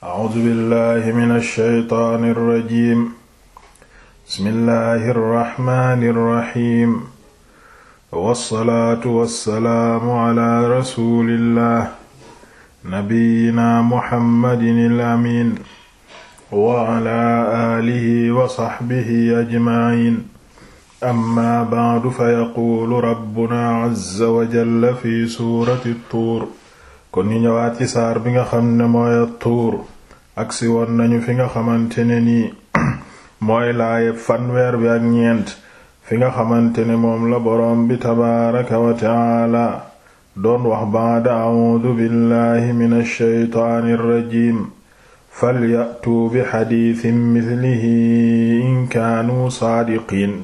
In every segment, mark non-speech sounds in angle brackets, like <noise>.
A'uuzu billaahi mina shaytaani rajiim. Bismillaahi rahmaani rahiim. Wassalaatu wassalaamu alaa rasuulillaah. Nabiyyinaa Muhammadinil amiin. Wa alaa aalihi wa sahbihi ajma'iin. Ammaa ba'du fayaquulu rabbunaa azza wa jalla fi suurati Tuur. kon ñu ñëwaat ci saar bi nga xam ne mooy tuur agsi woon nañu fi nga xamante ne ni <clears throat> mooy laaye fanweer bi ak ñeent fi nga xamante ne moom la boroom bi tabaaraka wa doon wax baada audu billahi min alsheytaani irrajim falyatuu bi xadiisin mislihi in kaanuu saadiqiin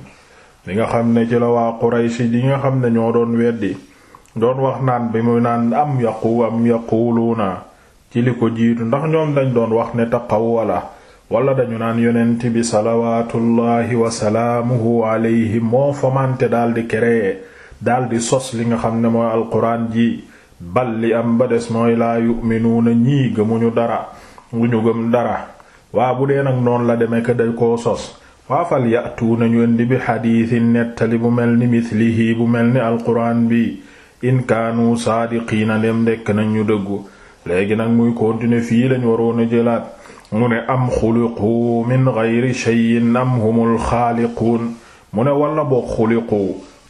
li nga xam ne ci la qurayshi yi nga xam ne ñoo doon weddi doon wax naan bi mu naan am yaqu am yaquluuna ci li ko jiitu ndax ñoom dañ doon wax ne taqawwala wala dañu naan yonent bi salawaatullaahi wasalaamuhu alayhi moo fomante daldi créer daldi sos li nga xam ne mooy alquraan ji bal li am ba des mooy laa yu'minuuna ñii gëmuñu dara lu ñu gëm dara waa bu dee nag noonu la demee ko dañ koo sos waafal ya'tuuna ñu indi bi xadiisin nettali bu mel ni mithlihi bu mel ni alquraan bi in kaanu saadiqiina ndem ndekk nañ ñu dëggu léegi nag muy continuer fii lañ waroon a jëlaat mu ne am xuliqu min gayri shay'in am humul xaaliquun mu ne walla boo xuliqu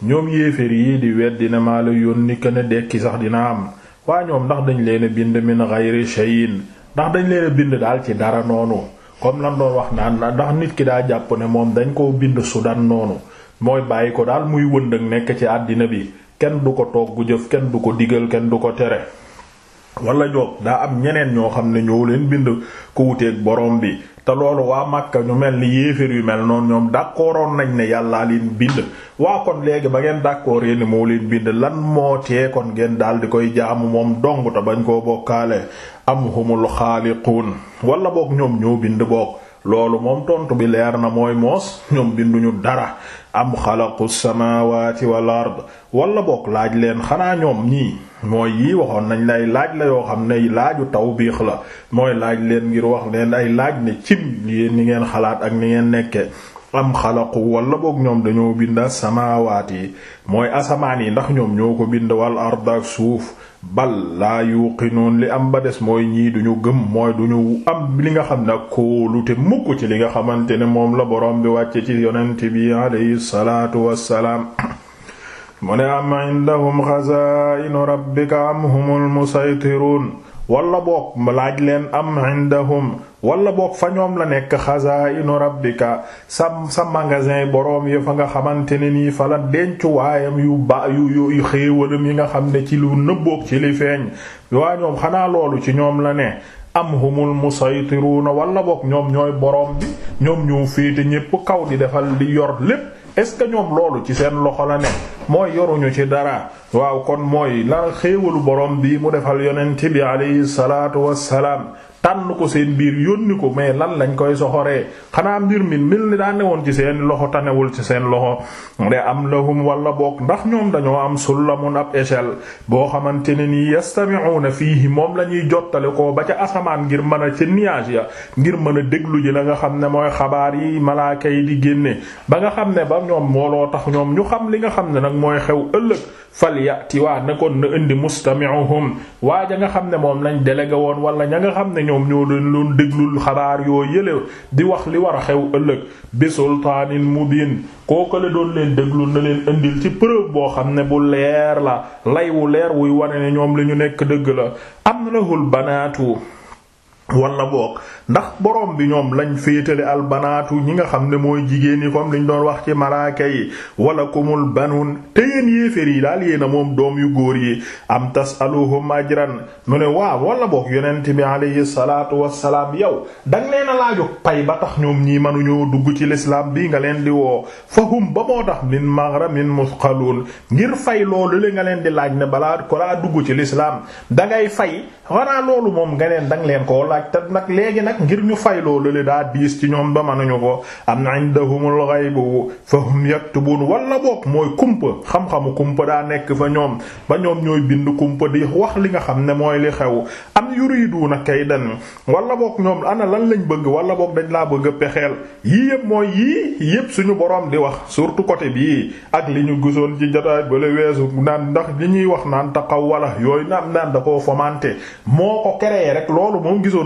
ñoom yéeféer yi di weddi ne maa la yónni ne dekki sax dina am waa ñoom ndax dañ leen a bind min gayri shay'in ndax dañ leen bind daal ci dara noonu comme lan doon wax naan ndax nit ki daa jàpp ne moom dañ koo bind sudan noonu mooy bàyyi ko daal muy wënd nekk ci àddina bi kenn du ko toog gu jëf kenn du ko digal kenn du ko tere wala joog daa am ñeneen ñoo xam ne ñoo leen bind ku wuteeg borom bi te loolu waa Makka ñu mel ni yéeféer yu mel noonu ñoom d'accordoon nañ ne yàllaa leen bind waa kon léegi ba ngeen d'accord yéen moo leen bind lan moo tee kon ngeen daal di koy jaamu moom dong te bañ koo bokkaale am humul xaaliquun wala boog ñoom ñoo bind boog loolu moom tontu bi leer na mooy moos ñoom binduñu dara am xalaqu samawati wal ard wala boog laaj leen xanaa ñoom ñii mooy yii waxoon nañ lay laaj la yoo xam ne laaju biix la mooy laaj leen ngir wax leen ay laaj ne cim yéen ni ngeen xalaat ak ni ngeen nekke am xalaqu wala boog ñoom dañoo binda samawaat yi mooy asamaan yi ndax ñoom ñoo ko bind wal ard ak suuf bal laa yuuqinuun li am ba des mooy ñii duñu gëm mooy duñu am li nga xam ne ak kóolute mukk ci li nga xamante ne moom la boroom bi wàcce ci yonent bi alayhi salaatu wassalaam mu ne am indahum xazaa'inu rabbika am humul musaytiruun wala boog laaj leen am indahum wala boog fa ñoom la nekk xazaa'inu rabbika sa sa magasin boroom yi fa nga xamante ne nii fa la dencuwaayam yu ba yu yu xéewalam yi nga xam ne ci lu nëbbook ci li feeñ waa ñoom xanaa loolu ci ñoom la ne am humul musaytiruuna wala boog ñoom ñooy boroom bi ñoom ñoo féete ñépp kaw di defal di yor lépp est-ce que ñoom loolu ci seen loxo la ne yoruñu ci dara waaw kon mooy la xéewalu borom bi mu defal yonent bi alayhi salaatu wassalaam tànn ko seen biir yónni ko mais lan lañ koy soxoree xanaa mbir mi mil ni daan newoon ci seen loxo tanewul ci seen loxo de am lahum wala boog ndax ñoom dañoo am sullamun ab échelle boo xamante ne nii fii fiihi moom la ñuy jottale ko ba ca asamaan ngir mën a ca nuage ya ngir mën a déglu ji la nga xam ne mooy xabaar yi malaaka yi di génne ba nga xam ne ba ñoom mooloo tax ñoom ñu xam li nga xam ne nag mooy xew ëllëg fal ya waa nekkoon na indi mustami'uhum ñoom ñoo doon loon déglul xabaar yoo yële di wax li war a xew ëllëg bi sultaanin mubin kooku la doon leen déglul na leen indil ci preuve boo xam ne bu leer la lay wu leer wuy wane ne ñoom li ñu nekk dëgg la am lahul banaatu wala boog ndax boroom bi ñoom lañ féetale albanaatu ñi nga xam ne mooy jigéen yi comme liñ doon wax ci malaaka yi wala kumul banun te yéen yéefér yi daal yéen a moom doom yu góor yi am tasaluhum ajran mu ne waaw wala boog yonent bi alayhi salaatu wassalaam yow dang leen a laaju pay ba tax ñoom ñii mënuñoo dugg ci lislaam bi nga leen di woo fahum ba moo tax min maghramin musqalun ngir fay loolu li nga leen di laaj ne balaa ko laa dugg ci l'islam te nag léegi nag ngir ñu fay loolu le daa diis ci ñoom ba mënuñu ko am indahumul ghaybu fahum yaktubun wala boog mooy kumpa xam-xamu kumpa daa nekk fa ñoom ba ñoom ñooy bind kumpa di wax li nga xam ne mooy li xew am nag yuriduna kaydan wala boog ñoom ana lan lañ bëgg wala boog dañ laa bëgg a pexeel yii yëpp mooy yii yëpp suñu borom di wax surtout côté bii ak li ñu gisoon ci jotaay bale weesu naan ndax li ñuy wax naan taxaw wala yooyu naan naan da koo fomante moo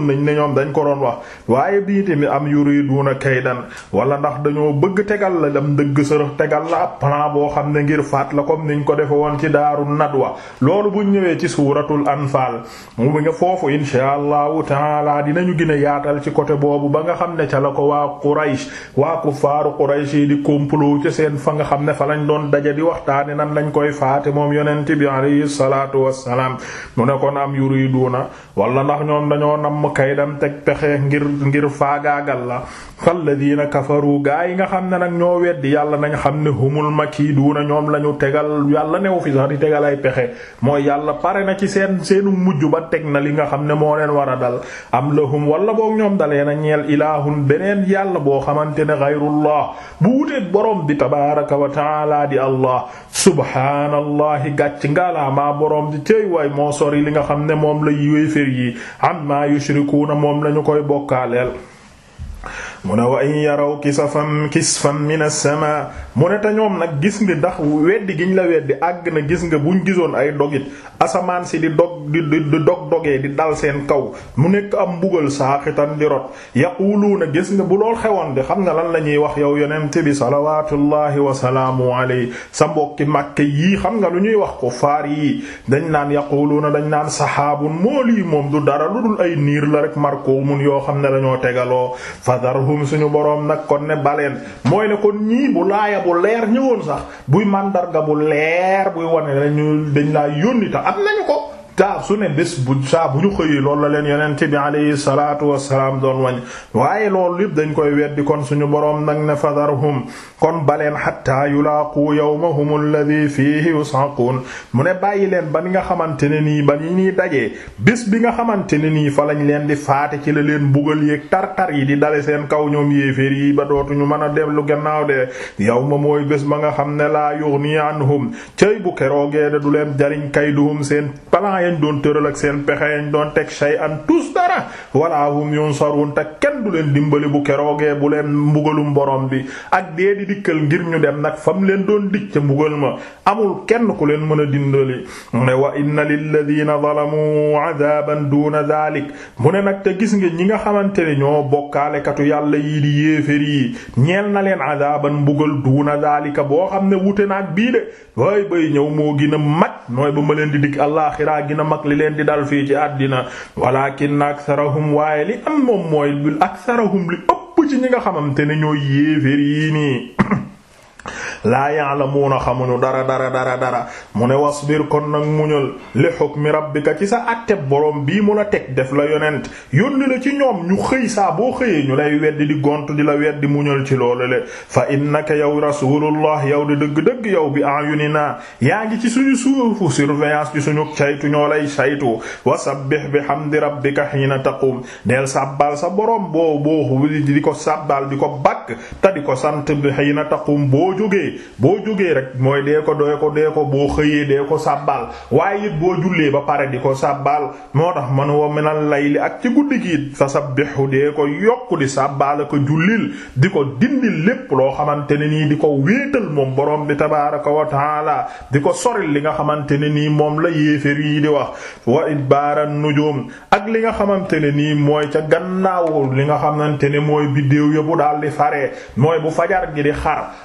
nañ ne ñoom dañ ko doon wax waaye bii tamit am yuriduna kaydan wala ndax dañoo bëgg tegal la dam dëgg sërëx tegal la ab plan boo xam ne ngir faat la kom niñ ko defe woon ci daaru wa loolu buñ ñëwee ci suuratul anfaal mu nga foofu insha allahu taala dinañu gën a yaatal ci côté boobu ba nga xam ne ca la ko waa Quraysh waa kuffaaru Quraysh yi di complot ci seen fa nga xam ne fa lañ doon daje di waxtaane nan lañ koy faate moom yonent bi alayhi salaatu wassalaam mu ne kon am yuriduna wala ndax ñoom kaydam teg pexe ngir ngir faagaagal la falladiina kafaru gaa yi nga xam ne nag ñoo weddi yàlla nañ xam ne humul na ñoom la ñu tegal yàlla newu fi sax di tegal ay pexe mooy yàlla pare na ci seen seenu mujj ba teg na li nga xam ne moo leen war a dal am lahum wala boog ñoom dalee na ñeel ilaahun beneen yàlla boo xamante ne gayrullah bu wuteet borom bi tabaaraka wa taala di allah subhaanallahi gàcc ngaalaamaa borom di cey way moo sori li nga yushrikuuna moom lañu koy bokkaaleel mu ne wa in yaraw kisafan kisfan min as-samaa mu ne te ñoom nag gis nga ndax weddi giñ la weddi àgg na gis nga buñ gisoon ay dogit asamaan si di dog di di dog dogee di dal seen kaw mu nekk am mbugal saaxitan di rot yaquluuna gis nga bu lool xewoon di xam nga lan la ñuy wax yow yonent bi salawatullahi wasalaamu alayhi sa mbokki màkke yii xam nga lu ñuy wax ko faar yii dañ naan yaquluuna dañ naan saxaabun moo lii moom du dara lu dul ay niir la rek marko yoo xam ne dañoo tegaloo fadar anhum suñu boroom nag kon ne baleen mooy ne kon ñii bu laaya bu leer ñëwoon sax buy màndarga bu leer buy wonee ne ñu dañ laa yónni ta nañu ko taa su ne bés bu saa bu ñu xëyee lool la leen yonent bi alayhi salaatu wassalaam doon wañ waaye lool lépp dañ koy weddi kon suñu boroom nag ne fadarhum kon baleen hatta yulaaqu yawmahum fii fiihi yus'aqun mu ne bàyyi leen ba ni nga xamante ne nii ba ni ñuy dajee bés bi nga xamante ne nii fa lañ leen di faate ci la leen bugal yéeg tar yi di dale seen kaw ñoom yéeféer yi ba dootuñu mën a dellu gannaaw de yawma mooy bés ba nga xam ne laa yughni anhum cëy bu du leen jariñ kayduhum seen yañ doon tëral ak seen pexe yañ doon teg shay an tus kenn du leen dimbali bu keroogee bu leen mbugalum borom bi ak di dikkal ngir ñu dem nag fam leen doon dik ca mbugal ma amul kenn ku leen mën a dindali mu ne wa inna lilladina zalamu adaban duna dalik mu ne nag te gis nga ñi nga xamante ne ñoo bokkaalekatu yàlla yii di yéefér yi ñeel na leen adaban mbugal duuna dalika boo xam ne wute naag bii de way bay ñëw moo gën a mat mooy ba ma leen di dik àllaxira dina mag li leen di dal fii ci àddina walakin aksarahum waaye li am moom mooy bil aksarahum li ëpp ci ñi nga xamante ne ñooy yéefér yii nii laa ya'lamuuna xamuñu dara dara dara dara mu ne wasbir kon nag muñal li hukmi rabbika ci sa atteb borom bii mu la teg def la yonent yónni la ci ñoom ñu xëy saa boo xëyee ñu lay weddi di gont di la weddi muñal ci loolu le fa innaka yow rasulullah yow di dëgg-dëgg yow bi ayunina yaa ngi ci suñu suufu surveillance ci suñu saytu ñoo lay saytu wasabbih bihamdi rabbika hiina taqum del sabbal sa borom boo boo di ko sabbal di ko bakk ta di ko sant bi hiina taqum boo jógee jullee boo jógee rek mooy dee ko dee ko dee ko boo xëyee dee ko sàbbaal waaye it boo jullee ba pare di ko sàbbaal moo tax man wa minal layli ak ci guddi gi fasabbihu dee ko yokk di sàbbaal ko jullil di ko dindil lépp loo xamante ne nii di ko wéetal moom borom bi tabaaraka wa taala di ko soril li nga xamante ne nii moom la yéeféer yi di wax wa idbaara nujum ak li nga xamante ne nii mooy ca gannaaw li nga xamante ne mooy biddéew ya bu di fare mooy bu fajar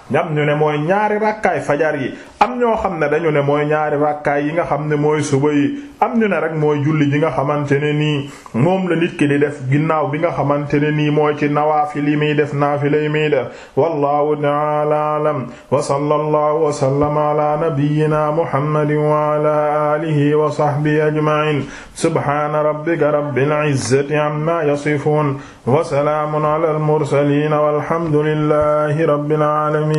ne mooy mooy ñaari rakkaay fajar yi am ñoo xam ne dañu ne mooy ñaari rakkaay yi nga xam ne mooy suba yi am ñu ne rek mooy julli ji nga xamante ne nii moom la nit ki di def ginnaaw bi nga xamante ne nii mooy ci nawaafil yi muy def naafila yi muy def wallahu ta'ala a'lam wa sallallahu wa sallama ala nabiyyina muhammadin wa ala alihi wa sahbihi ajma'in subhana rabbika rabbil izzati amma yasifun wa salamun ala al mursalin walhamdulillahi rabbil alamin